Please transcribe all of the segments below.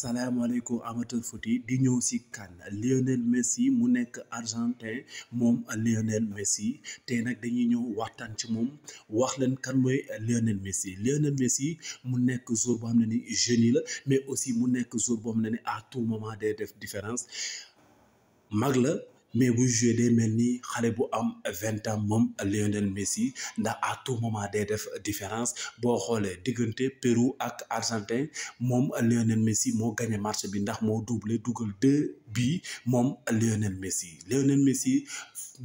salaamaaleykum amateur foot yi di ñëw si kan Lionel Messi mu nekk argentin moom Lionel Messi tey nag dañuy ñëw waxtaan ci moom wax leen kan mooy Lionel Messi Lionel Messi mu nekk joueur boo xam ne ni jeune la mais aussi mu nekk joueur boo xam ne ni à tout moment day def différence mag la. mais bu jouer des mel ni bu am 20 ans mom Lionel Messi ndax à tout moment des def différence bo xolé Pérou ak Argentine mom Lionel Messi mo gagné match bi ndax mo doublé de deux bi mom Lionel Messi Lionel Messi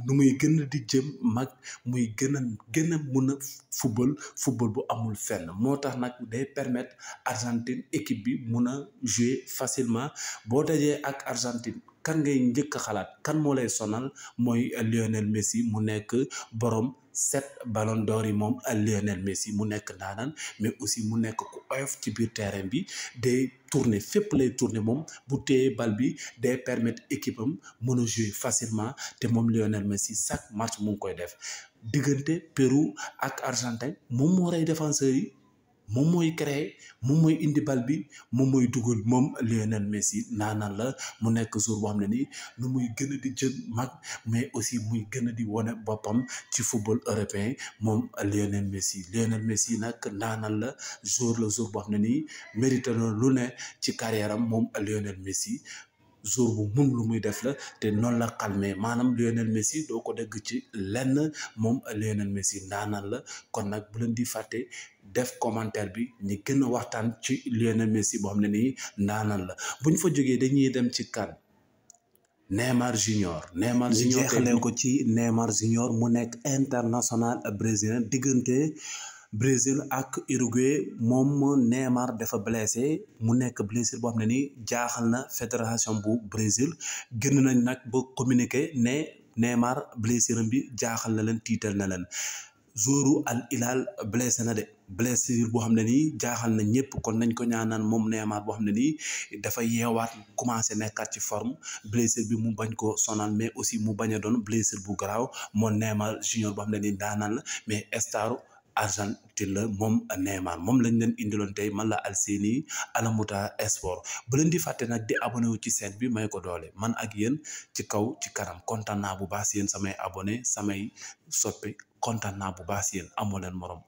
nu muy gën di jëm mag muy gën a gën a mun a football football bu amul fenn moo tax nag day permettre Argentine équipe bi mun a jouer facilement boo dajee ak Argentine kan ngay njëkk a xalaat kan moo lay sonal mooy Lionel Messi mu nekk borom sept ballons d'or yi Lionel Messi mu nek mais aussi mu nek ku oyof ci biir terrain bi des tourner fépp lay tourner mom bu téye bal bi permettre équipe am de jouer facilement té mom Lionel Messi chaque match mu ngi koy def Pérou ak Argentine mom mo ray défenseurs yi. moom mooy créer moom mooy indi bal bi moom mooy dugal moom Lionel Messi naanaan la mu nekk jour boo xam ne nii nu muy gën a di jën mag mais aussi muy gën a di wane boppam ci football européen moom Lionel Messi Lionel Messi nag naanaan la jour la jour boo xam ne nii mérité lu ne ci carrière am moom Lionel Messi jour bu mun lu muy def la te noonu la calmé maanaam Lionel Messi doo ko dégg ci lenn moom Lionel Messi ndaanaan la kon nag bu leen di fàtte def commentaire bi ñu gën a waxtaan ci Lionel Messi boo xam ne nii ndaanaan la bu ñu fa jógee dañuy dem ci kan Neymar Junior Neymar Junior jeexale ko ci Neymar Junior mu nekk international brésilien diggante Brésil ak Uruguay moom Neymar defa blessé mu nekk blessure boo xam ne nii jaaxal na fédération bu Brésil génn nañ nag ba communiqué ne Neymar blessure bi jaaxal na leen tiital na leen Zoru Al Hilal blessé na de blessure boo xam ne nii jaaxal na ñëpp kon nañ ko ñaanaan moom Neymar boo xam ne nii dafa yeewaat commencé nekkaat ci forme blessure bi mu bañ ko sonal mais aussi mu bañ a doon blessure bu garaaw moom Neymar junior boo xam ne nii daanaan la mais star Argentine la mom eh, Neymar mom lañ leen indilon tay man la Alseyni Alamouta Sport bu leen di fàtte nak di abonné wu ci chaîne bi may ko doole man ak yeen ci kaw ci karam kontaan naa bu baax yeen samay abonné samay soppé bu baax yeen morom.